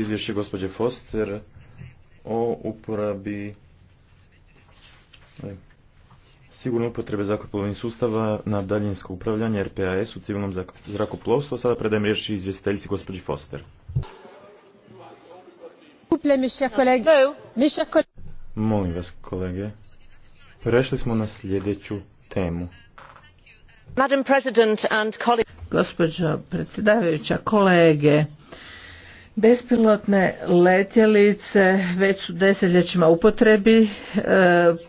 izvješće gospođe Foster o uporabi e, sigurno upotrebe zrakoplovnih sustava na daljinsko upravljanje RPAS u civilnom zrakoplovstvu. Sada predajem riječ izvjestiteljici gospođi Foster. Molim vas, kolege. Prešli smo na sljedeću temu. Gospođa predsjedavajuća, kolege, Bespilotne letjelice već su desetljećima upotrebi. E,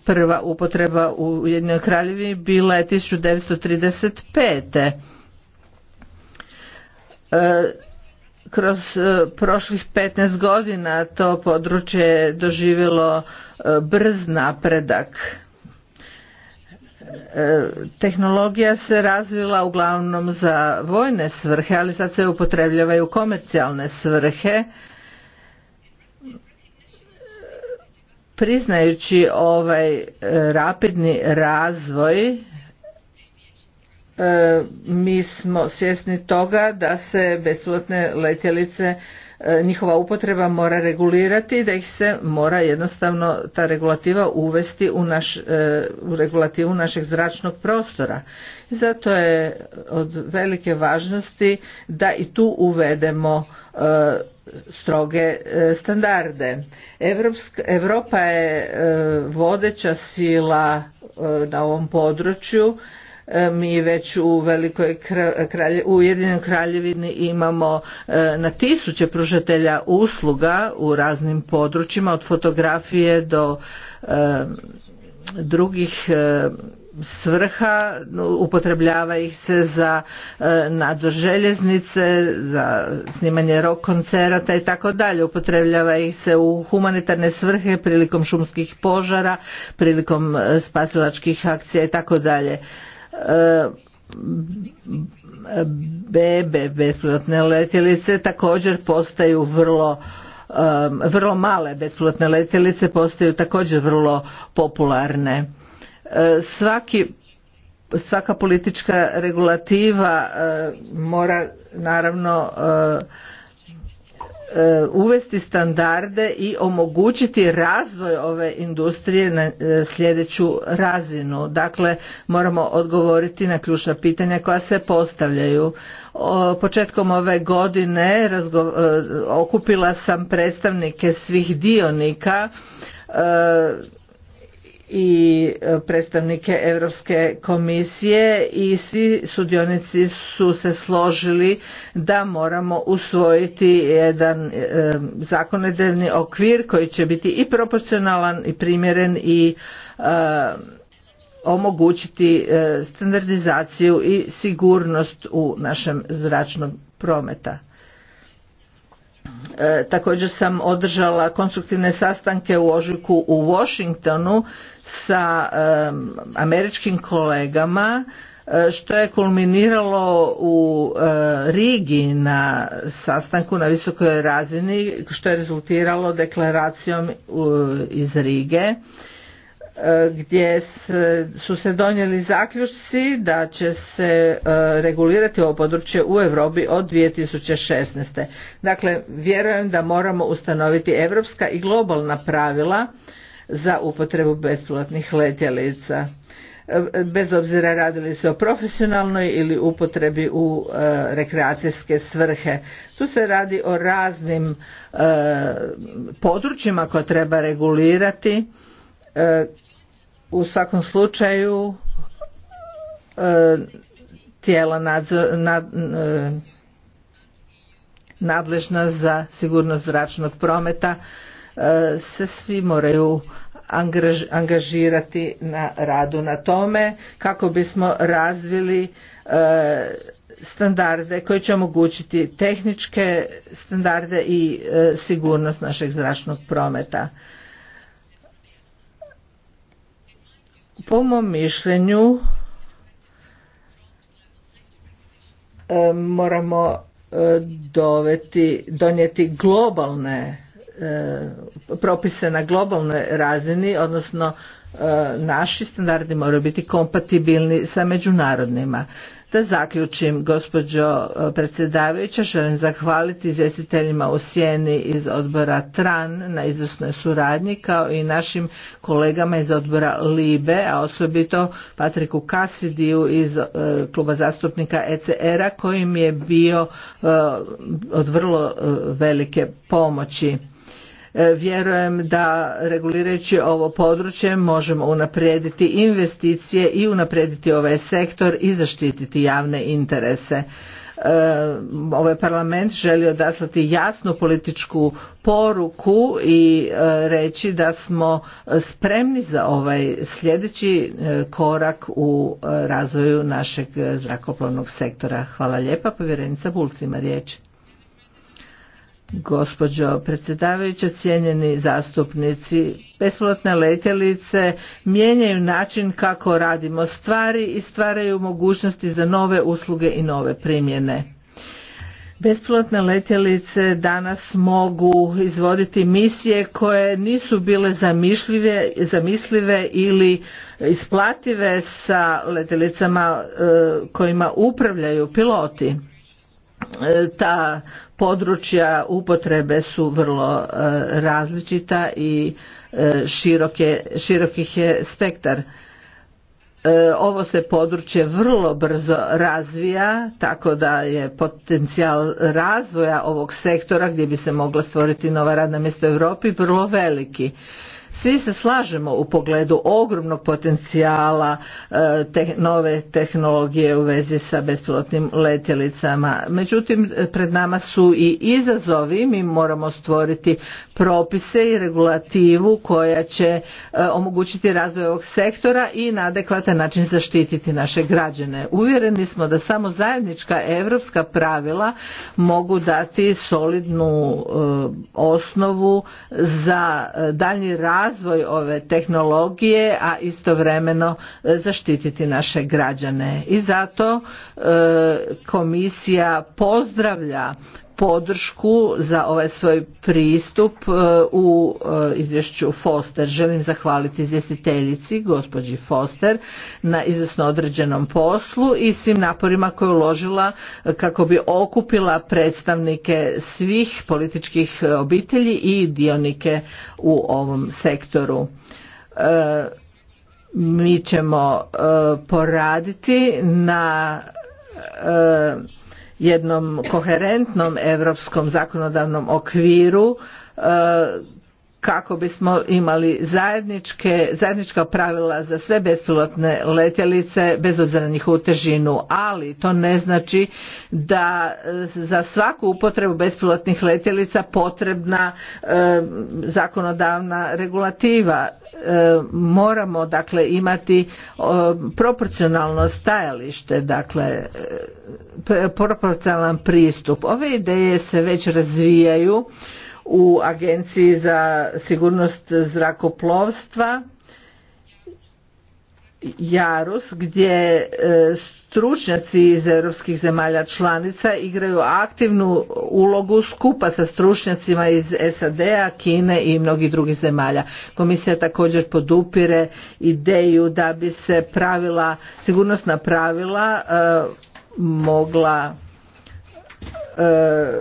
prva upotreba u Jednoj kraljevi bila je 1935. E, kroz e, prošlih 15 godina to područje je doživjelo brz napredak. E, tehnologija se razvila uglavnom za vojne svrhe, ali sad se upotrebljavaju komercijalne svrhe. Priznajući ovaj e, rapidni razvoj, e, mi smo svjesni toga da se bespilotne letjelice E, njihova upotreba mora regulirati da ih se mora jednostavno ta regulativa uvesti u, naš, e, u regulativu našeg zračnog prostora. Zato je od velike važnosti da i tu uvedemo e, stroge standarde. Europa je vodeća sila na ovom području E, mi već u velikoj u Ujedinjenoj kraljevini imamo e, na tisuće pružatelja usluga u raznim područjima od fotografije do e, drugih svrha upotrebljava ih se za nadzor željeznice za snimanje rock koncerata i tako dalje upotrebljava ih se u humanitarne svrhe prilikom šumskih požara prilikom spasilačkih akcija i tako dalje E, bebe besplatne letjelice također postaju vrlo vrlo male besplatne letjelice postaju također vrlo popularne e, svaki svaka politička regulativa e, mora naravno E, uvesti standarde i omogućiti razvoj ove industrije na e, sljedeću razinu. Dakle, moramo odgovoriti na ključna pitanja koja se postavljaju. Početkom ove godine e, okupila sam predstavnike svih dionika i e, predstavnike Europske komisije i svi sudionici su se složili da moramo usvojiti jedan e, zakonodavni okvir koji će biti i proporcionalan i primjeren i e, omogućiti standardizaciju i sigurnost u našem zračnom prometa. E, također sam održala konstruktivne sastanke u ožujku u Washingtonu sa e, američkim kolegama e, što je kulminiralo u Rigi na sastanku na visokoj razini što je rezultiralo deklaracijom iz Rige E, gdje su se donijeli zaključci da će se e, regulirati ovo područje u Europi od 2016. Dakle, vjerujem da moramo ustanoviti europska i globalna pravila za upotrebu besplatnih letjelica. E, bez obzira radili se o profesionalnoj ili upotrebi u rekreacijske svrhe. Tu se radi o raznim područjima koje treba regulirati u svakom slučaju e, tijela nadzor, nad, e, nadležna za sigurnost zračnog prometa e, se svi moraju angažirati na radu na tome kako bismo razvili standarde koji će omogućiti tehničke standarde i sigurnost našeg zračnog prometa. Po mom mišljenju e, moramo e, doveti, donijeti globalne e, propise na globalnoj razini, odnosno naši standardi moraju biti kompatibilni sa međunarodnima. Da zaključim, gospođo e, predsjedavajuća, želim zahvaliti izvjestiteljima u Sjeni iz odbora TRAN na izvrsnoj suradnji, kao i našim kolegama iz odbora LIBE, a osobito Patriku Kasidiju iz e, kluba zastupnika ECR-a, koji je bio e, od vrlo velike pomoći. E, vjerujem da regulirajući ovo područje možemo unaprijediti investicije i unaprijediti ovaj sektor i zaštititi javne interese e, ovaj parlament želi odaslati jasnu političku poruku i e, reći da smo spremni za ovaj sljedeći korak u razvoju našeg zrakoplovnog sektora. Hvala lijepa, povjerenica Bulcima riječ. Gospođo predsjedavajuća, cijenjeni zastupnici, besplatne letjelice mijenjaju način kako radimo stvari i stvaraju mogućnosti za nove usluge i nove primjene. Besplatne letjelice danas mogu izvoditi misije koje nisu bile zamislive ili isplative sa letjelicama e, kojima upravljaju piloti E, ta područja upotrebe su vrlo e, različita i široke, širokih je spektar e, ovo se područje vrlo brzo razvija tako da je potencijal razvoja ovog sektora gdje bi se mogla stvoriti nova radna mjesta u Europi vrlo veliki svi se slažemo u pogledu ogromnog potencijala e, nove tehnologije u vezi sa bespilotnim letjelicama. Međutim, pred nama su i izazovi. Mi moramo stvoriti propise i regulativu koja će e, omogućiti razvoj ovog sektora i na adekvatan način zaštititi naše građane. Uvjereni smo da samo zajednička europska pravila mogu dati solidnu e, osnovu za dalji razvoj razvoj ove tehnologije, a istovremeno e, zaštititi naše građane. I zato e, komisija pozdravlja podršku za ovaj svoj pristup e, u e, izvješću Foster. Želim zahvaliti izvjestiteljici, gospođi Foster, na izvjesno određenom poslu i svim naporima koje je uložila e, kako bi okupila predstavnike svih političkih obitelji i dionike u ovom sektoru mi ćemo poraditi na jednom koherentnom europskom zakonodavnom okviru e, kako bismo imali zajedničke, zajednička pravila za sve bespilotne letjelice bez obzira na njihovu težinu, ali to ne znači da e, za svaku upotrebu bespilotnih letjelica potrebna e, zakonodavna regulativa e, moramo dakle imati proporcionalno stajalište dakle proporcionalan pristup ove ideje se već razvijaju u Agenciji za sigurnost zrakoplovstva Jarus gdje e, stručnjaci iz europskih zemalja članica igraju aktivnu ulogu skupa sa stručnjacima iz SAD-a, Kine i mnogih drugih zemalja. Komisija također podupire ideju da bi se pravila, sigurnosna pravila e, mogla e,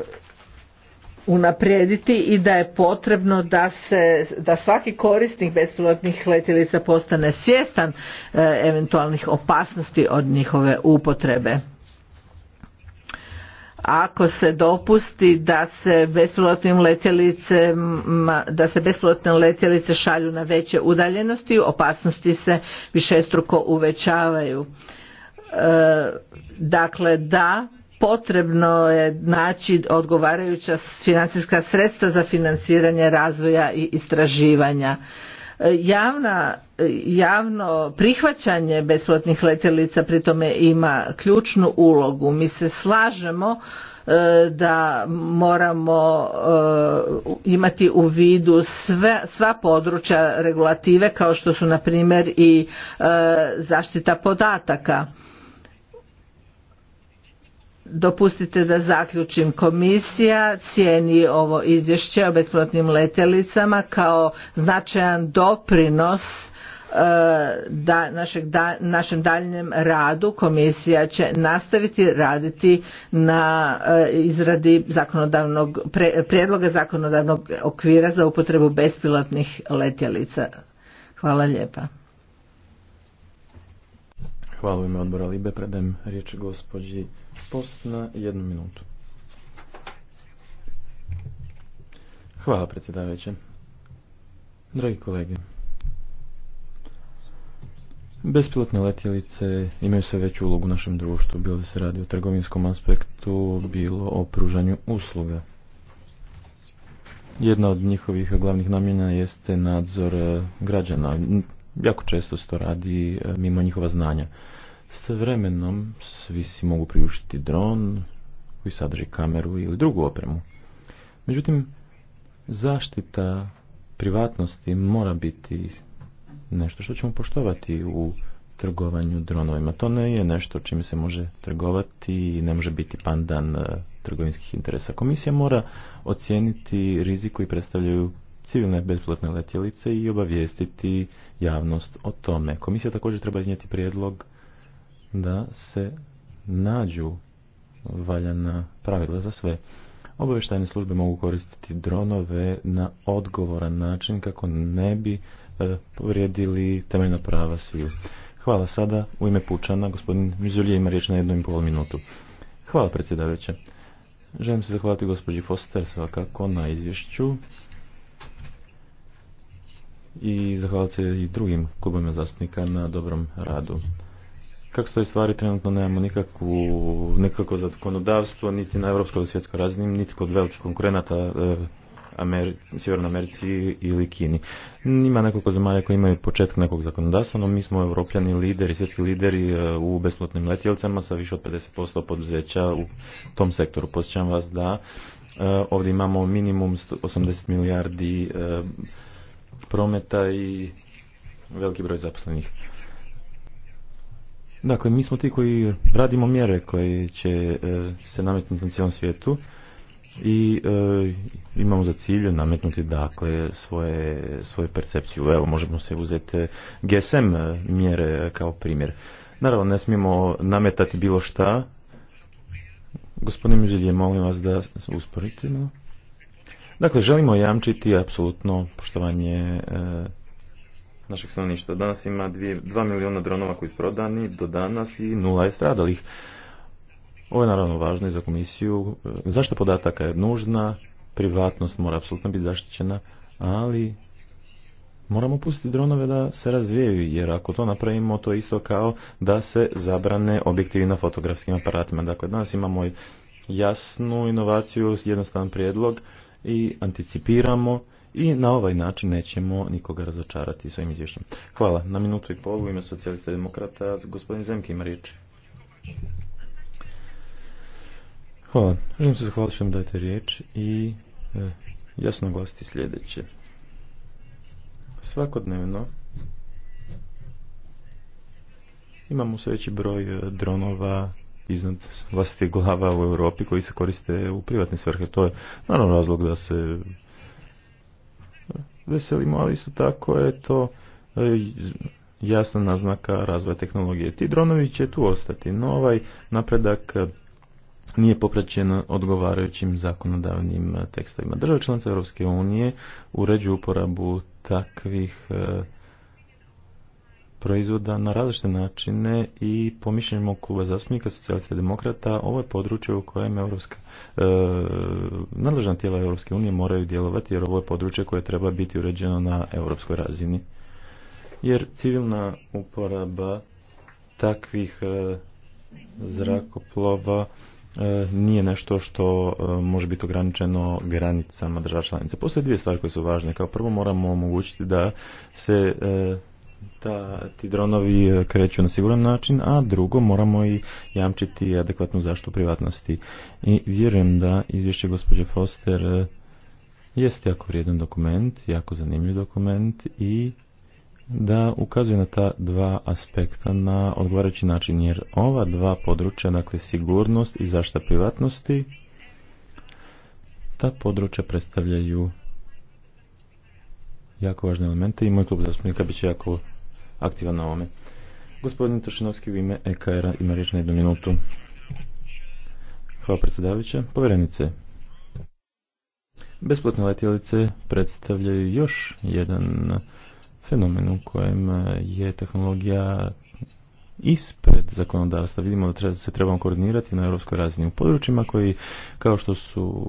unaprijediti i da je potrebno da, se, da svaki korisnik bespilotnih letjelica postane svjestan e, eventualnih opasnosti od njihove upotrebe. Ako se dopusti da se bespilotnim letjelice, da se bespilotne letjelice šalju na veće udaljenosti, opasnosti se višestruko uvećavaju. E, dakle da potrebno je naći odgovarajuća financijska sredstva za financiranje razvoja i istraživanja. Javna, javno prihvaćanje besplatnih letjelica pri tome ima ključnu ulogu. Mi se slažemo e, da moramo e, imati u vidu sva područja regulative kao što su na primjer i e, zaštita podataka Dopustite da zaključim. Komisija cijeni ovo izvješće o besplatnim letjelicama kao značajan doprinos e, da, našeg, našem daljnjem radu komisija će nastaviti raditi na e, izradi zakonodavnog prijedloga zakonodavnog okvira za upotrebu bespilotnih letjelica. Hvala lijepa. Hvala ime odbora Libe, riječ gospođi Post na jednu minutu. Hvala predsjedavajuće. Dragi kolege, Bespilotne letjelice imaju sve veću ulogu u našem društvu, bilo da se radi o trgovinskom aspektu, bilo o pružanju usluga. Jedna od njihovih glavnih namjena jeste nadzor eh, građana. Jako često se to radi eh, mimo njihova znanja. S vremenom svi si mogu priuštiti dron koji sadrži kameru ili drugu opremu. Međutim, zaštita privatnosti mora biti nešto što ćemo poštovati u trgovanju dronovima. To ne je nešto čime se može trgovati i ne može biti pandan e, trgovinskih interesa. Komisija mora ocijeniti rizik koji predstavljaju civilne besplatne letjelice i obavijestiti javnost o tome. Komisija također treba iznijeti prijedlog da se nađu valjana pravila za sve. Obavještajne službe mogu koristiti dronove na odgovoran način kako ne bi e, povrijedili temeljna prava sviju. Hvala sada u ime Pučana, gospodin Mizulje ima riječ na jednu i pol minutu. Hvala predsjedaveće. Želim se zahvaliti gospođi Foster svakako na izvješću i zahvaliti se i drugim klubama zastupnika na dobrom radu kako stoji stvari, trenutno nemamo nikakvu, nikakvo zakonodavstvo, niti na evropskoj ili svjetskoj razini, niti kod velikih konkurenata e, Ameri, Sjevernoj Americi ili Kini. Ima nekoliko zemalja koji imaju početak nekog zakonodavstva, no mi smo europljani lideri, svjetski lideri e, u besplatnim letjelicama sa više od 50% poduzeća u tom sektoru. Posjećam vas da e, ovdje imamo minimum 80 milijardi e, prometa i veliki broj zaposlenih. Dakle, mi smo ti koji radimo mjere koje će e, se nametnuti na cijelom svijetu i e, imamo za cilj nametnuti dakle svoje, svoje percepciju. Evo, možemo se uzeti GSM e, mjere kao primjer. Naravno, ne smijemo nametati bilo šta. Gospodine Muzilje, molim vas da usporite. No? Dakle, želimo jamčiti apsolutno poštovanje našeg stanovništva. Danas ima dva milijuna dronova koji su prodani do danas i nula je stradalih. Ovo je naravno važno i za komisiju. E, zašto podataka je nužna, privatnost mora apsolutno biti zaštićena, ali moramo pustiti dronove da se razvijaju, jer ako to napravimo, to je isto kao da se zabrane objektivi na fotografskim aparatima. Dakle, danas imamo jasnu inovaciju, jednostavan prijedlog i anticipiramo i na ovaj način nećemo nikoga razočarati svojim izvješćem. Hvala. Na minutu i pol u ime socijalista demokrata gospodin Zemke ima riječ. Hvala. Želim se zahvaliti što vam dajte riječ i e, jasno glasiti sljedeće. Svakodnevno imamo sve veći broj e, dronova iznad vlastitih glava u Europi koji se koriste u privatne svrhe. To je naravno razlog da se veselimo, ali isto tako je to e, jasna naznaka razvoja tehnologije. Ti dronovi će tu ostati, no ovaj napredak e, nije popraćen odgovarajućim zakonodavnim e, tekstovima. Država članice Europske unije uređuju uporabu takvih proizvoda na različite načine i po mišljenjima kluba zastupnika socijalista demokrata ovo je područje u kojem e, nadležna tijela Europske unije moraju djelovati jer ovo je područje koje treba biti uređeno na europskoj razini. Jer civilna uporaba takvih e, zrakoplova e, nije nešto što e, može biti ograničeno granicama država članica. Postoje dvije stvari koje su važne. Kao prvo moramo omogućiti da se da, ti dronovi e, kreću na siguran način, a drugo moramo i jamčiti adekvatnu zaštitu privatnosti. I vjerujem da izvješće gospođe Foster e, jeste jako vrijedan dokument, jako zanimljiv dokument i da ukazuje na ta dva aspekta na odgovarajući način, jer ova dva područja, dakle sigurnost i zašta privatnosti, ta područja predstavljaju jako važne elemente i moj klub zastupnika bit će jako aktivan na ovome. Gospodin tršinovski u ime EKR-a ima riječ na jednu minutu. Hvala predsjedavajuća. Povjerenice, besplatne letjelice predstavljaju još jedan fenomen u kojem je tehnologija ispred zakonodavstva. Vidimo da se trebamo koordinirati na europskoj razini u područjima koji, kao što su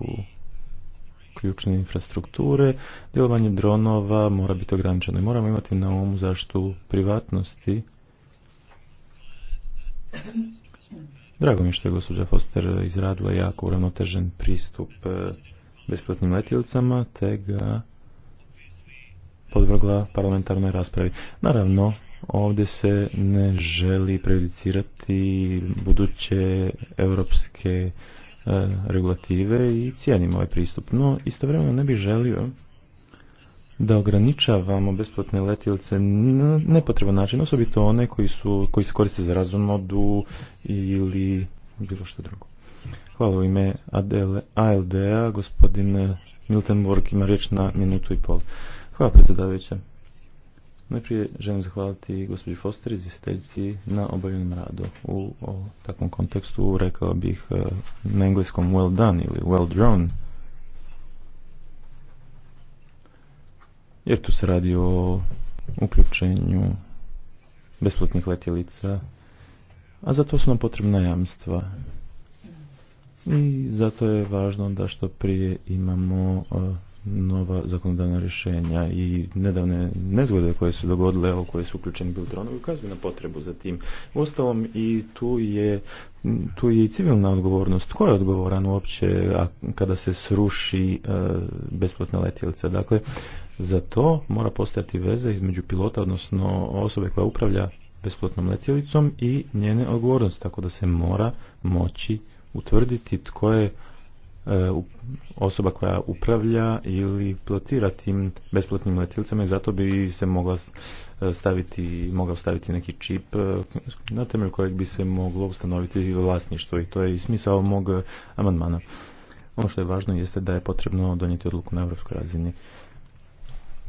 ključne infrastrukture, djelovanje dronova mora biti ograničeno i moramo imati na umu zaštu privatnosti. Drago mi je što je gospođa Foster izradila jako uravnotežen pristup e, besplatnim letilcama te ga podvrgla parlamentarnoj raspravi. Naravno, ovdje se ne želi prejudicirati buduće europske E, regulative i cijenim ovaj pristup. No, istovremeno ne bih želio da ograničavamo besplatne letjelce na nepotreban način, osobito one koji, su, koji se koriste za razumodu ili bilo što drugo. Hvala u ime ALD-a, gospodin Miltenborg ima riječ na minutu i pol. Hvala predsjedavajuća. Najprije želim zahvaliti gospođi Foster izvjestiteljici na obavljenom radu. U takvom kontekstu rekao bih e, na engleskom well done ili well drawn. Jer tu se radi o uključenju besplatnih letjelica, a za to su nam potrebna jamstva. I zato je važno da što prije imamo e, nova zakonodavna rješenja i nedavne nezgode koje su dogodile, u koje su uključeni bili dronovi, ukazuju na potrebu za tim. Uostalom i tu je, tu je i civilna odgovornost. Tko je odgovoran uopće a, kada se sruši e, besplatna letjelica? Dakle, za to mora postojati veza između pilota, odnosno osobe koja upravlja besplatnom letjelicom i njene odgovornosti, tako da se mora moći utvrditi tko je E, osoba koja upravlja ili pilotira tim besplatnim letilcama i zato bi se mogla e, staviti, mogao staviti neki čip e, na temelju kojeg bi se moglo ustanoviti vlasništvo i to je i smisao mog amandmana. Ono što je važno jeste da je potrebno donijeti odluku na europskoj razini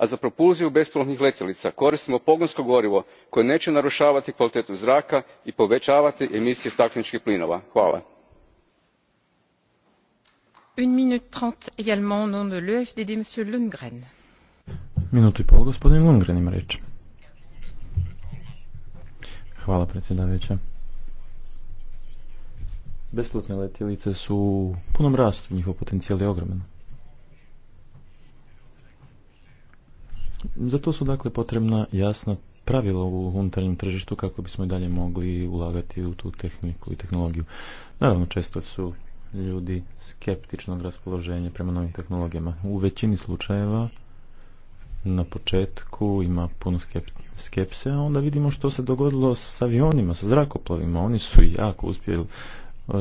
a za propulziju bespilotnih letjelica koristimo pogonsko gorivo koje neće narušavati kvalitetu zraka i povećavati emisije stakleničkih plinova. hvala. i Lundgren Hvala Besplatne letjelice su u punom rastu, njihov potencijal je ogroman. Zato su dakle potrebna jasna pravila u unutarnjem tržištu kako bismo i dalje mogli ulagati u tu tehniku i tehnologiju. Naravno, često su ljudi skeptičnog raspoloženja prema novim tehnologijama. U većini slučajeva na početku ima puno skepse, a onda vidimo što se dogodilo s avionima, sa zrakoplovima. Oni su jako uspjeli e,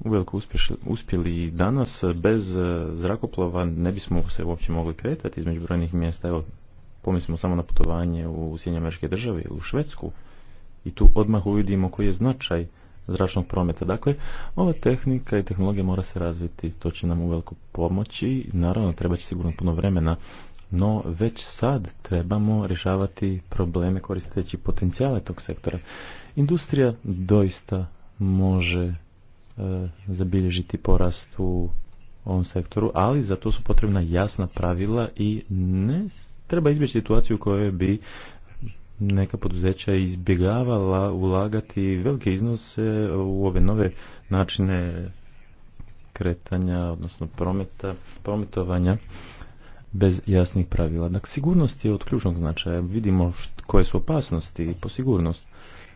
uveliko uspjeli i danas. Bez e, zrakoplova ne bismo se uopće mogli kretati između brojnih mjesta. Evo, pomislimo samo na putovanje u Sjedinje američke države ili u Švedsku. I tu odmah uvidimo koji je značaj zračnog prometa. Dakle, ova tehnika i tehnologija mora se razviti, to će nam uveliko pomoći. Naravno, treba će sigurno puno vremena, no već sad trebamo rješavati probleme koristeći potencijale tog sektora. Industrija doista može E, zabilježiti porast u ovom sektoru, ali za to su potrebna jasna pravila i ne treba izbjeći situaciju u kojoj bi neka poduzeća izbjegavala ulagati velike iznose u ove nove načine kretanja, odnosno prometa, prometovanja bez jasnih pravila. Dakle, sigurnost je od ključnog značaja. Vidimo koje su opasnosti po sigurnost.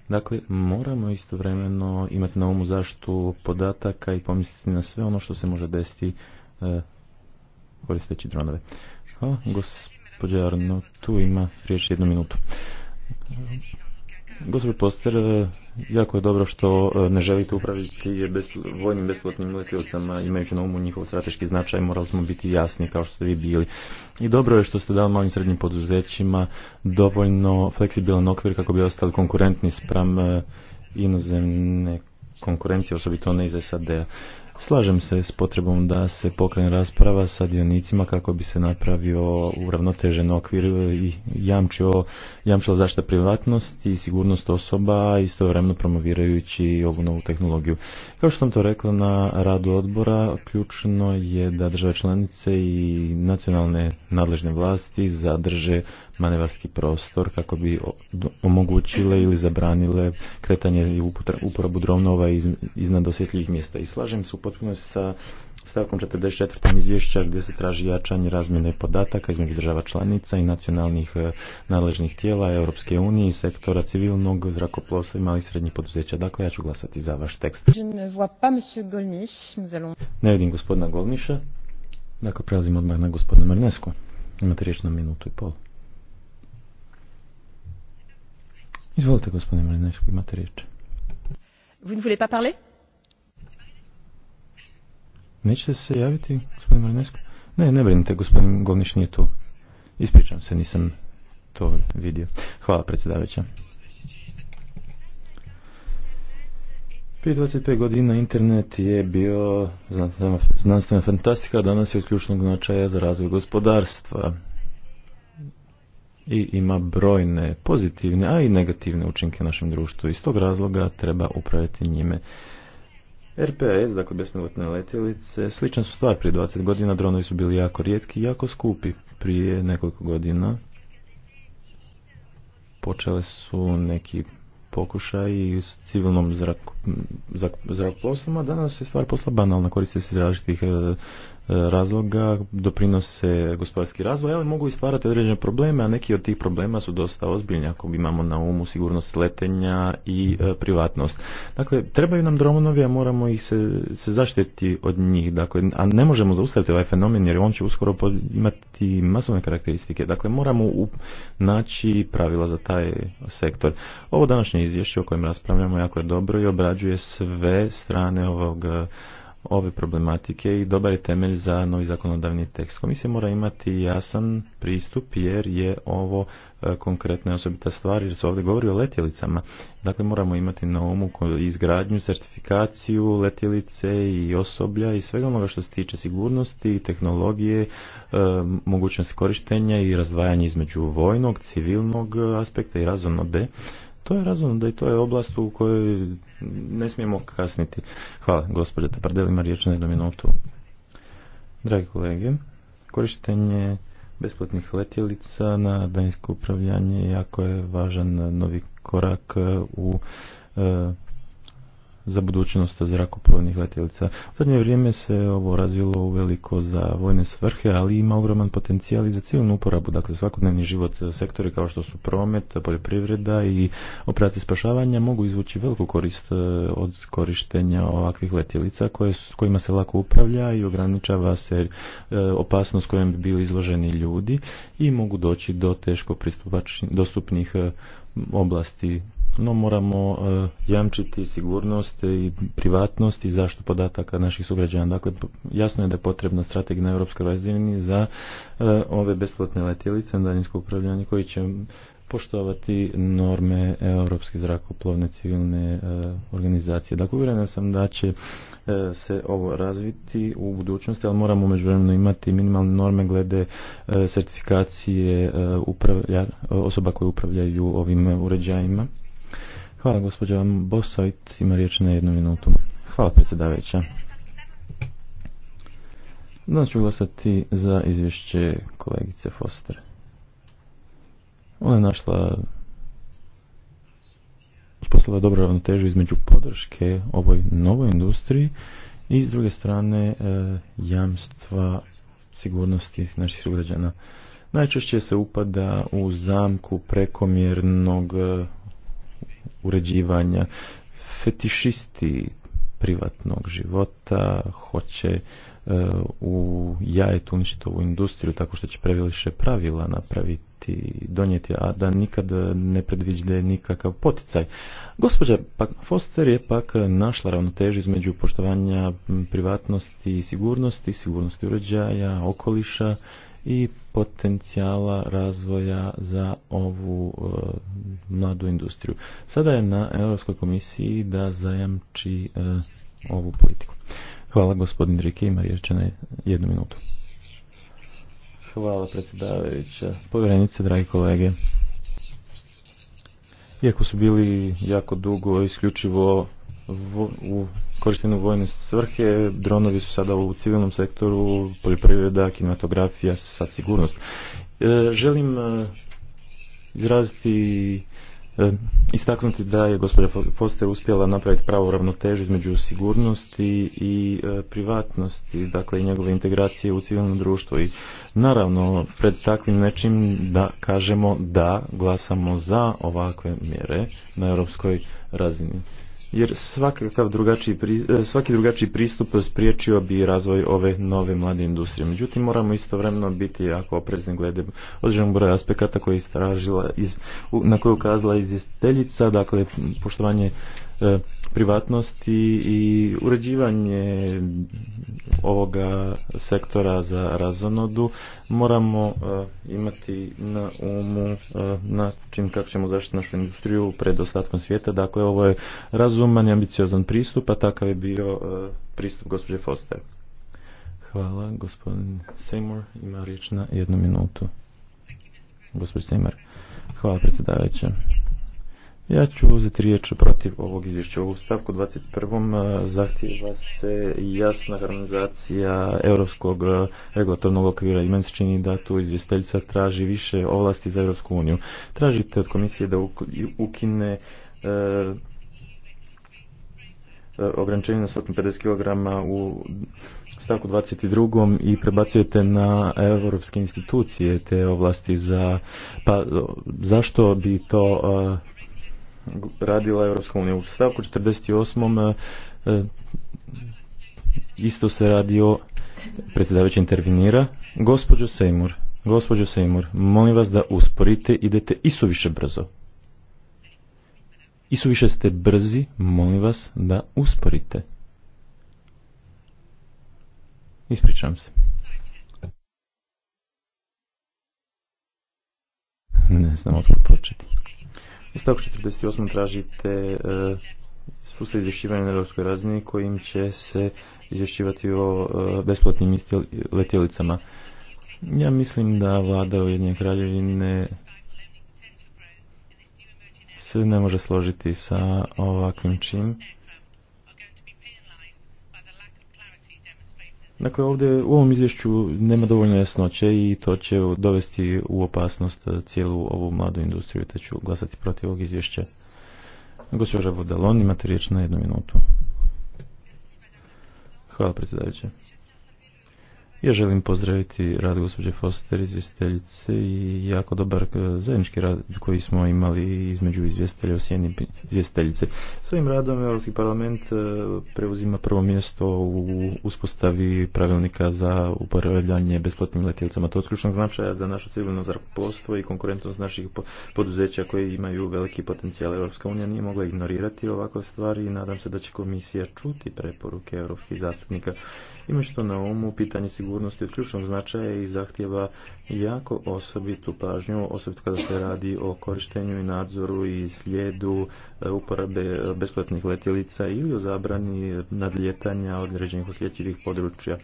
Dakle, moramo istovremeno imati na umu zaštu podataka i pomisliti na sve ono što se može desiti e, koristeći dronove. Hvala, gospođa tu ima riječ jednu minutu. Gospodin Poster, e, jako je dobro što e, ne želite upraviti vojnim besplatnim letilicama, imajući na umu njihov strateški značaj, morali smo biti jasni kao što ste vi bili. I dobro je što ste dali malim srednjim poduzećima dovoljno fleksibilan okvir kako bi ostali konkurentni spram e, inozemne konkurencije, osobito ne iz SAD-a. Slažem se s potrebom da se pokrene rasprava sa dionicima kako bi se napravio uravnotežen okvir i jamčio, jamčila zaštita privatnosti i sigurnost osoba istovremeno promovirajući ovu novu tehnologiju. Kao što sam to rekla na radu odbora, ključno je da države članice i nacionalne nadležne vlasti zadrže manevarski prostor kako bi omogućile ili zabranile kretanje i uporabu dronova iznad osjetljivih mjesta. I slažem se u potpunosti sa stavkom 44. izvješća gdje se traži jačanje razmjene podataka između država članica i nacionalnih e, nadležnih tijela Europske unije i sektora civilnog zrakoplovstva i malih srednjih poduzeća. Dakle, ja ću glasati za vaš tekst. Ne vidim gospodina Golniša. Dakle, prelazimo odmah na gospodina Mernesku. Imate riječ na minutu i pol. Izvolite, gospodine Marinešku, imate riječ. Vous ne voulez pas parler? Nećete se javiti, gospodine Marinešku? Ne, ne brinite, gospodin Golniš nije tu. Ispričam se, nisam to vidio. Hvala, predsjedavajuća. Prije 25 godina internet je bio znanstvena fantastika, danas je od ključnog značaja za razvoj gospodarstva i ima brojne pozitivne, a i negativne učinke u našem društvu. Iz tog razloga treba upraviti njime. RPS, dakle besmilotne letjelice, slična su stvar prije 20 godina, dronovi su bili jako rijetki i jako skupi prije nekoliko godina. Počele su neki pokušaji s civilnom zrakoplovstvom, a danas je stvar posla banalna, koriste se različitih e, razloga doprinose gospodarski razvoj, ali mogu i stvarati određene probleme, a neki od tih problema su dosta ozbiljni ako imamo na umu sigurnost letenja i e, privatnost. Dakle, trebaju nam dronovi, a moramo ih se, se zaštititi od njih. Dakle, a ne možemo zaustaviti ovaj fenomen jer on će uskoro imati masovne karakteristike. Dakle, moramo naći pravila za taj sektor. Ovo današnje izvješće o kojem raspravljamo jako je dobro i obrađuje sve strane ovog ove problematike i dobar je temelj za novi zakonodavni tekst. Komisija mora imati jasan pristup jer je ovo e, konkretna osobita stvar jer se ovdje govori o letjelicama. Dakle, moramo imati na umu izgradnju, certifikaciju letjelice i osoblja i svega onoga što se tiče sigurnosti, tehnologije, e, mogućnosti korištenja i razdvajanja između vojnog, civilnog aspekta i razumno B to je razumno da i to je oblast u kojoj ne smijemo kasniti. Hvala, gospođa Tapardel, ima riječ na jednu minutu. Dragi kolege, korištenje besplatnih letjelica na danjsko upravljanje jako je važan novi korak u e, za budućnost zrakoplovnih letjelica. U zadnje vrijeme se ovo razvilo u veliko za vojne svrhe, ali ima ogroman potencijal i za civilnu uporabu. Dakle, svakodnevni život e, sektori kao što su promet, poljoprivreda i operacije spašavanja mogu izvući veliku korist e, od korištenja ovakvih letjelica koje, kojima se lako upravlja i ograničava se e, opasnost kojom bi bili izloženi ljudi i mogu doći do teško dostupnih oblasti no moramo e, jamčiti sigurnost i privatnost i zaštitu podataka naših sugrađana. Dakle, jasno je da je potrebna strategija na europskoj razini za e, ove besplatne letjelice na daljinsko upravljanje koji će poštovati norme Europske zrakoplovne civilne e, organizacije. Dakle, uvjerena sam da će se ovo razviti u budućnosti, ali moramo međuvremeno imati minimalne norme glede certifikacije upravlja, osoba koje upravljaju ovim uređajima Hvala gospođa Bosov ima riječ na jednu minutu. Hvala predsjedavajuća. Danas ću glasati za izvješće kolegice Foster. Ona je našla uspostavila dobru ravnotežu između podrške ovoj novoj industriji i s druge strane e, jamstva sigurnosti naših sugrađana. Najčešće se upada u zamku prekomjernog e, uređivanja. Fetišisti privatnog života hoće e, u jajetu uništiti ovu industriju tako što će previše pravila napraviti, donijeti, a da nikad ne predviđe nikakav poticaj. Gospođa Foster je pak našla ravnotežu između poštovanja privatnosti i sigurnosti, sigurnosti uređaja, okoliša i potencijala razvoja za ovu e, mladu industriju. Sada je na Europskoj komisiji da zajamči e, ovu politiku. Hvala gospodin Rike, i riječ na jednu minutu. Hvala predsjedavajuća, povjerenice, dragi kolege. Iako su bili jako dugo isključivo u korištenju vojne svrhe, dronovi su sada u civilnom sektoru, poljoprivreda, kinematografija, sad sigurnost. E, želim e, izraziti e, istaknuti da je gospođa Foster uspjela napraviti pravu ravnotežu između sigurnosti i privatnosti, dakle i njegove integracije u civilno društvo i naravno pred takvim nečim da kažemo da glasamo za ovakve mjere na europskoj razini jer svakakav drugačiji, e, svaki drugačiji pristup spriječio bi razvoj ove nove mlade industrije. Međutim, moramo istovremeno biti jako oprezni glede određenog broja aspekata koje istražila iz, na koje ukazala izvjestiteljica, dakle poštovanje e, privatnosti i uređivanje ovoga sektora za razonodu moramo e, imati na umu e, način kako ćemo zaštiti našu industriju pred ostatkom svijeta. Dakle, ovo je razuman i ambiciozan pristup, a takav je bio e, pristup gospođe Foster. Hvala, gospodin Seymour ima riječ na jednu minutu. Gospodin Seymour, hvala predsjedavajuće. Ja ću uzeti riječ protiv ovog izvješća. U stavku 21. Eh, zahtjeva se jasna harmonizacija europskog eh, regulatornog okvira i meni se čini da tu izvjestiteljica traži više ovlasti za Europsku uniju. Tražite od komisije da ukine eh, ograničenje na 150 kg u stavku 22. i prebacujete na europske institucije te ovlasti za pa zašto bi to radila Europska unija. U stavku 48. E, e, isto se radi o predsjedavajući intervenira. Gospođo Sejmur, gospođo Sejmur, molim vas da usporite, idete isuviše brzo. Isuviše ste brzi, molim vas da usporite. Ispričavam se. Ne znam otkud početi. U stavku 48. tražite e, sustav izvješćivanja na europskoj razini kojim će se izvješćivati o e, besplatnim letjelicama. Ja mislim da vlada Ujedinje kraljevine se ne može složiti sa ovakvim čim Dakle, ovdje u ovom izvješću nema dovoljno jasnoće i to će dovesti u opasnost e, cijelu ovu mladu industriju, te ću glasati protiv ovog izvješća. Gospođa Vodalon, imate riječ na jednu minutu. Hvala predsjedavajuće. Ja želim pozdraviti rad gospođe Foster, izvjesteljice i jako dobar e, zajednički rad koji smo imali između izvjestitelja i sjeni izvjesteljice. Svojim radom Europski parlament e, preuzima prvo mjesto u uspostavi pravilnika za upravljanje besplatnim letjelicama. To je od značaja za naše civilno zrakoplovstvo i konkurentnost naših poduzeća koji imaju veliki potencijal. Europska unija nije mogla ignorirati ovakve stvari i nadam se da će komisija čuti preporuke europskih zastupnika Imaš to na umu, pitanje sigurnosti od ključnog značaja i zahtjeva jako osobitu pažnju, osobito kada se radi o korištenju i nadzoru i slijedu e, uporabe besplatnih letjelica ili o zabrani nadljetanja određenih osjetljivih područja.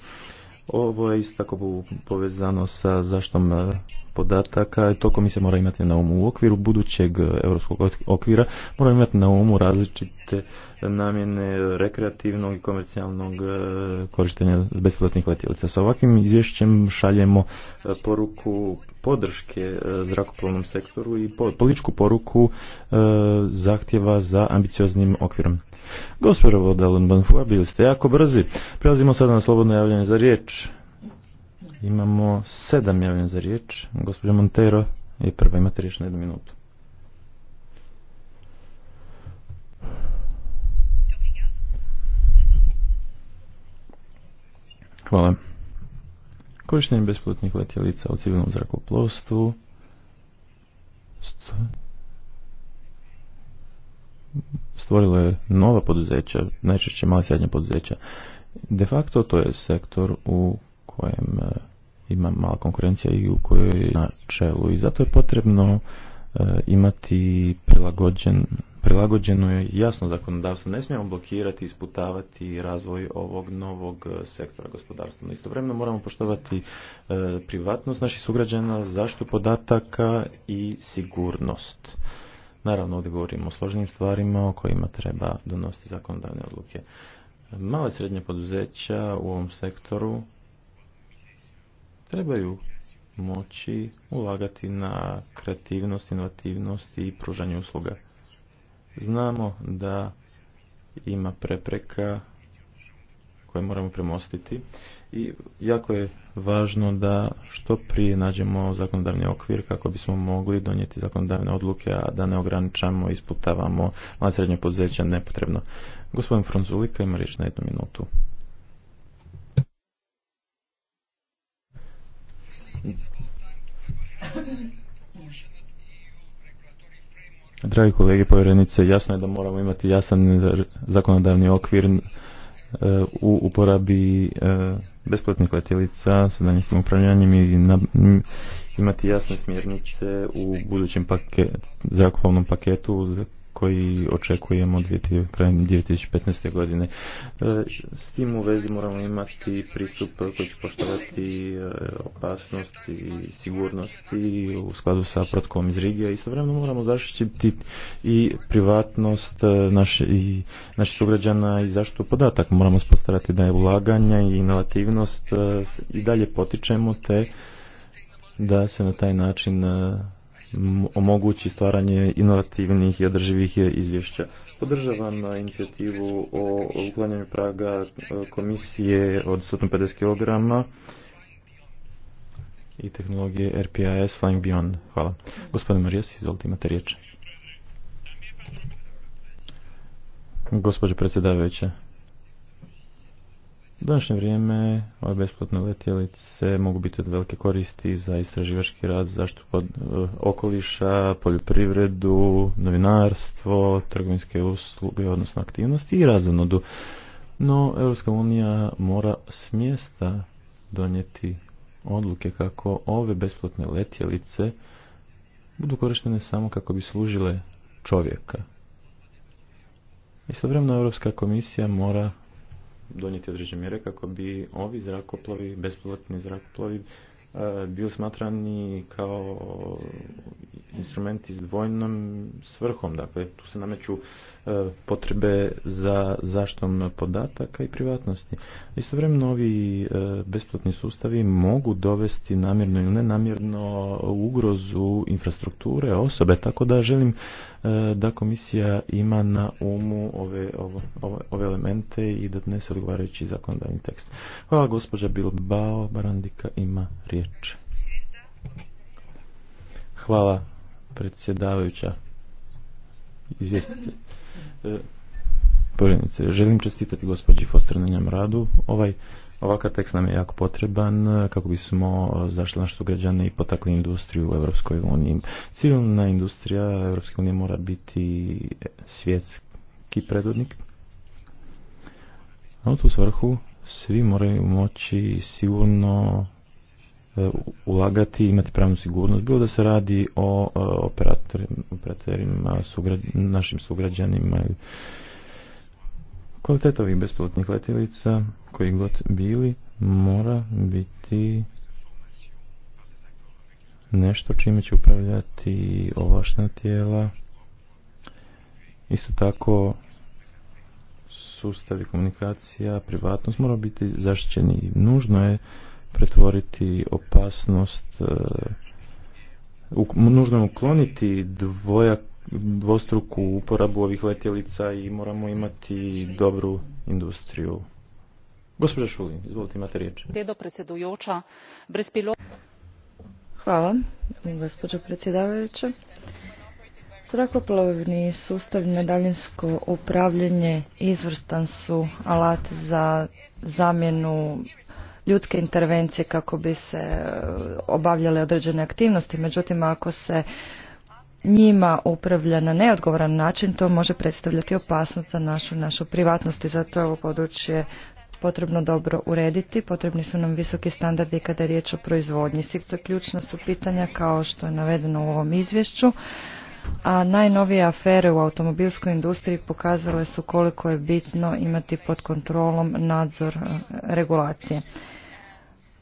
Ovo je isto tako povezano sa zaštom e, podataka. E, to se mora imati na umu u okviru budućeg e, europskog okvira. Mora imati na umu različite namjene rekreativnog i komercijalnog korištenja besplatnih letjelica. Sa ovakvim izvješćem šaljemo poruku podrške zrakoplovnom sektoru i političku poruku zahtjeva za ambicioznim okvirom. Gospodo Vodalen Banfua, bili ste jako brzi. Prelazimo sada na slobodno javljanje za riječ. Imamo sedam javljanja za riječ. Gospodin Montero je prva, imate riječ na jednu minutu. Hvala. Korištenje besplatnih letjelica u civilnom zrakoplovstvu stvorilo je nova poduzeća, najčešće mala srednja poduzeća. De facto to je sektor u kojem e, ima mala konkurencija i u kojoj je na čelu i zato je potrebno e, imati prilagođen prilagođeno je jasno zakonodavstvo. Ne smijemo blokirati, isputavati razvoj ovog novog e, sektora gospodarstva. Istovremeno moramo poštovati privatnost naših sugrađana, zaštitu podataka i sigurnost. Naravno, ovdje govorimo o složenim stvarima o kojima treba donositi zakonodavne odluke. Male i srednje poduzeća u ovom sektoru trebaju moći ulagati na kreativnost, inovativnost i pružanje usluga. Znamo da ima prepreka koje moramo premostiti i jako je važno da što prije nađemo zakonodavni okvir kako bismo mogli donijeti zakonodavne odluke, a da ne ograničamo, isputavamo mala poduzeća nepotrebno. Gospodin Fronzulika ima riječ na jednu minutu. Dragi kolege povjerenice, jasno je da moramo imati jasan zakonodavni okvir u uporabi e, besplatnih letjelica sa danjskim upravljanjem i na, imati jasne smjernice u budućem paket, zrakoplovnom paketu koji očekujemo krajem 2015. godine. E, s tim u vezi moramo imati pristup koji će poštovati e, opasnost i sigurnost i u skladu sa protkom iz Rigija. Istovremeno moramo zaštiti i privatnost e, i naših sugrađana i zaštitu podatak. Moramo spostarati da je ulaganja i inovativnost i dalje potičemo te da se na taj način omogući stvaranje inovativnih i održivih izvješća. Podržavam inicijativu o uklanjanju praga komisije od 150 kg i tehnologije RPIS Flying Beyond. Hvala. Gospodin Marijas, izvolite, imate riječ. Gospođo predsjedavajuća, današnje vrijeme ove besplatne letjelice mogu biti od velike koristi za istraživački rad, zaštitu pod, eh, okoliša, poljoprivredu, novinarstvo, trgovinske usluge, odnosno aktivnosti i razvodnodu. No, Europska unija mora mjesta donijeti odluke kako ove besplatne letjelice budu korištene samo kako bi služile čovjeka. Istovremeno Europska komisija mora donijeti određene mjere kako bi ovi zrakoplovi, bespilotni zrakoplovi bio smatrani kao instrumenti s dvojnom svrhom. Dakle, tu se nameću e, potrebe za zaštom podataka i privatnosti. Istovremeno ovi e, besplatni sustavi mogu dovesti namjerno ili nenamjerno ugrozu infrastrukture osobe, tako da želim e, da komisija ima na umu ove, ove, ove elemente i da donese odgovarajući zakonodavni tekst. Hvala gospođa Bilbao, Barandika ima riječ riječ. Hvala predsjedavajuća izvjestite. E, povjerenice, želim čestitati gospođi Foster na njem radu. Ovaj, ovakav tekst nam je jako potreban e, kako bismo zašli što građane i potakli industriju u Europskoj uniji. Civilna industrija Europske unije mora biti svjetski predvodnik. A u tu svrhu svi moraju moći sigurno E, ulagati, imati pravnu sigurnost, bilo da se radi o e, operatorima, našim sugrađanima. Kvaliteta ovih besplatnih letjelica, koji god bili, mora biti nešto čime će upravljati ovašna tijela. Isto tako sustavi komunikacija, privatnost mora biti zaštićeni. Nužno je pretvoriti opasnost, e, nužno ukloniti dvoja dvostruku uporabu ovih letjelica i moramo imati dobru industriju. Gospođa Šulin, izvolite, imate riječ. Hvala, gospođo predsjedavajuća. Zrakoplovni sustav na daljinsko upravljanje izvrstan su alat za zamjenu ljudske intervencije kako bi se e, obavljale određene aktivnosti, međutim ako se njima upravlja na neodgovoran način, to može predstavljati opasnost za našu, našu privatnost i zato je ovo područje potrebno dobro urediti, potrebni su nam visoki standardi kada je riječ o proizvodnji. Sikto ključna su pitanja kao što je navedeno u ovom izvješću, a najnovije afere u automobilskoj industriji pokazale su koliko je bitno imati pod kontrolom nadzor e, regulacije.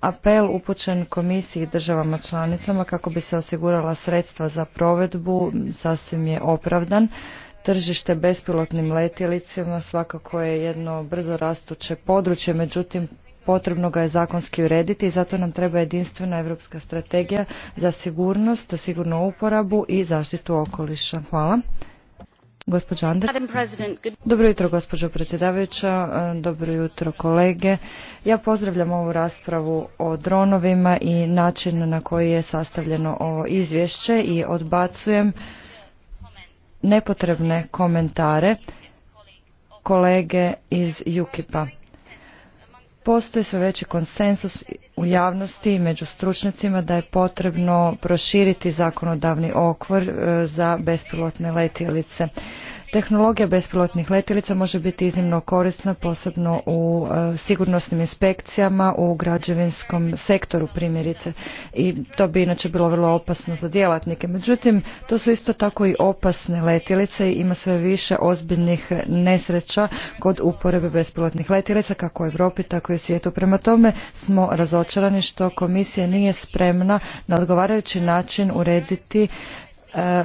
Apel upućen komisiji državama članicama kako bi se osigurala sredstva za provedbu sasvim je opravdan. Tržište bespilotnim letjelicama svakako je jedno brzo rastuće područje, međutim potrebno ga je zakonski urediti i zato nam treba jedinstvena europska strategija za sigurnost, sigurnu uporabu i zaštitu okoliša. Hvala. Gospođa Dobro jutro, gospođo predsjedavajuća, e, dobro jutro kolege. Ja pozdravljam ovu raspravu o dronovima i način na koji je sastavljeno ovo izvješće i odbacujem nepotrebne komentare kolege iz UKIP-a. Postoji sve veći konsensus u javnosti i među stručnjacima da je potrebno proširiti zakonodavni okvir e, za bespilotne letjelice. Tehnologija bespilotnih letjelica može biti iznimno korisna, posebno u e, sigurnosnim inspekcijama, u građevinskom sektoru primjerice. I to bi inače bilo vrlo opasno za djelatnike. Međutim, to su isto tako i opasne letjelice i ima sve više ozbiljnih nesreća kod uporebe bespilotnih letjelica, kako u Europi, tako i u svijetu. Prema tome smo razočarani što komisija nije spremna na odgovarajući način urediti e,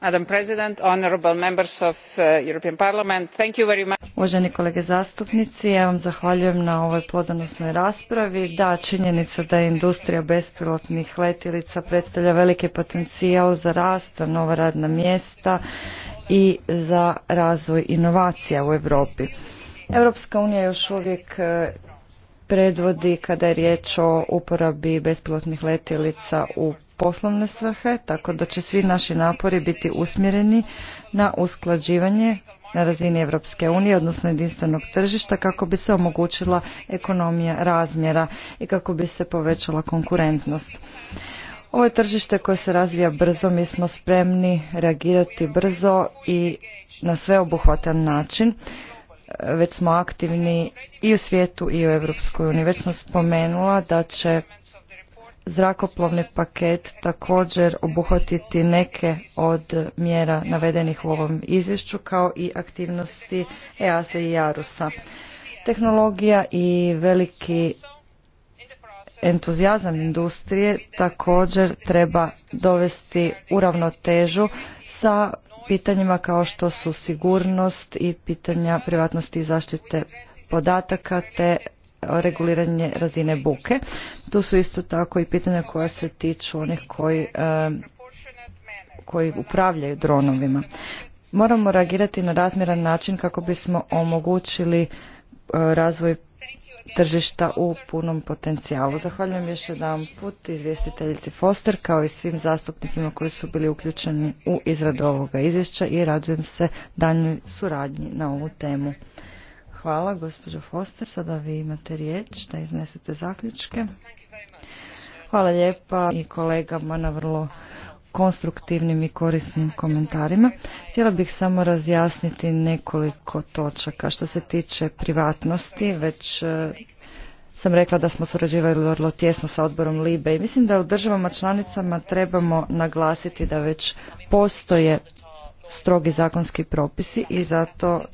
madam president honorable members of uh, european parliament thank you very much. uvaženi kolege zastupnici ja vam zahvaljujem na ovoj plodonosnoj raspravi. da činjenica da industrija bespilotnih letjelica predstavlja veliki potencijal za rast za nova radna mjesta i za razvoj inovacija u europi. europska unija još uvijek uh, predvodi kada je riječ o uporabi bespilotnih letjelica u poslovne svrhe, tako da će svi naši napori biti usmjereni na usklađivanje na razini Europske unije, odnosno jedinstvenog tržišta, kako bi se omogućila ekonomija razmjera i kako bi se povećala konkurentnost. Ovo je tržište koje se razvija brzo, mi smo spremni reagirati brzo i na sveobuhvatan način. Već smo aktivni i u svijetu i u Evropskoj uniji. Već sam spomenula da će zrakoplovni paket također obuhvatiti neke od mjera navedenih u ovom izvješću kao i aktivnosti EASA i Jarusa. E Tehnologija i veliki entuzijazam industrije također treba dovesti u ravnotežu sa pitanjima kao što su sigurnost i pitanja privatnosti i zaštite podataka te reguliranje razine buke. Tu su isto tako i pitanja koja se tiču onih koji, e, koji upravljaju dronovima. Moramo reagirati na razmjeran način kako bismo omogućili e, razvoj tržišta u punom potencijalu. Zahvaljujem još jedan put izvjestiteljici Foster kao i svim zastupnicima koji su bili uključeni u izradu ovoga izvješća i radujem se daljnjoj suradnji na ovu temu. Hvala, gospođo Foster. Sada vi imate riječ da iznesete zaključke. Hvala lijepa i kolegama na vrlo konstruktivnim i korisnim komentarima. Htjela bih samo razjasniti nekoliko točaka. Što se tiče privatnosti, već e, sam rekla da smo surađivali vrlo tjesno sa odborom Libe i mislim da u državama članicama trebamo naglasiti da već postoje strogi zakonski propisi i zato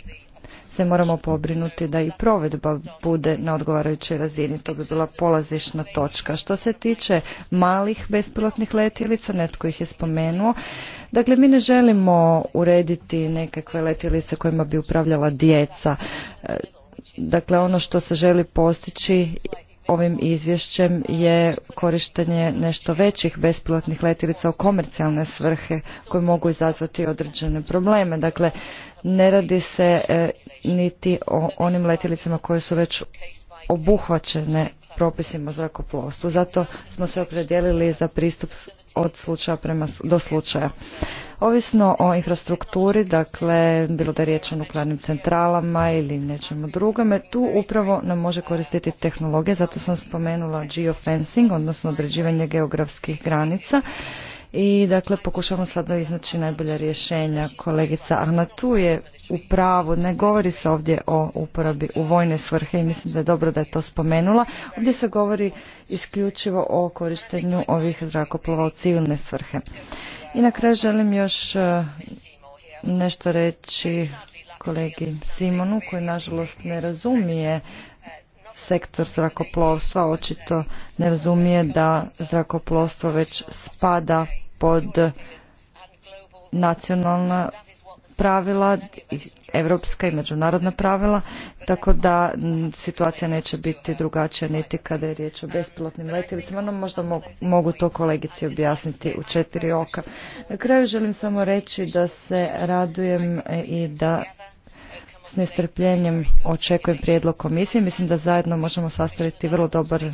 se moramo pobrinuti da i provedba bude na odgovarajućoj razini. To bi bila polazišna točka. Što se tiče malih bespilotnih letjelica, netko ih je spomenuo, dakle mi ne želimo urediti nekakve letjelice kojima bi upravljala djeca. E, dakle, ono što se želi postići ovim izvješćem je korištenje nešto većih bespilotnih letilica u komercijalne svrhe koje mogu izazvati određene probleme. Dakle, ne radi se e, niti o onim letilicama koje su već obuhvaćene propisima o zrakoplovstvu. Zato smo se opredijelili za pristup od slučaja prema, do slučaja. Ovisno o infrastrukturi, dakle, bilo da je riječ o nuklearnim centralama ili nečemu drugome, tu upravo nam može koristiti tehnologija, zato sam spomenula geofencing, odnosno određivanje geografskih granica i dakle pokušavamo sada iznaći najbolja rješenja. Kolegica Ana, tu je u pravu, ne govori se ovdje o uporabi u vojne svrhe i mislim da je dobro da je to spomenula. Ovdje se govori isključivo o korištenju ovih zrakoplova u civilne svrhe. I na kraju želim još e, nešto reći kolegi Simonu koji nažalost ne razumije sektor zrakoplovstva očito ne razumije da zrakoplovstvo već spada pod nacionalna pravila, evropska i međunarodna pravila, tako da situacija neće biti drugačija niti kada je riječ o bespilotnim letjelicama, no možda mogu, mogu to kolegici objasniti u četiri oka. Na kraju želim samo reći da se radujem i da s nestrpljenjem očekujem prijedlog komisije. Mislim da zajedno možemo sastaviti vrlo dobar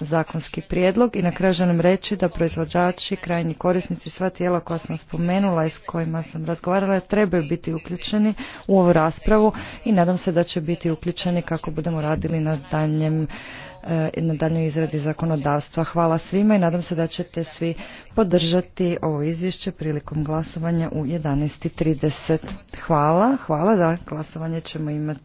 zakonski prijedlog i na kraju želim reći da proizvođači, krajnji korisnici, sva tijela koja sam spomenula i s kojima sam razgovarala trebaju biti uključeni u ovu raspravu i nadam se da će biti uključeni kako budemo radili na daljem E, na daljnjoj izradi zakonodavstva. Hvala svima i nadam se da ćete svi podržati ovo izvješće prilikom glasovanja u 11.30. Hvala, hvala da glasovanje ćemo imati.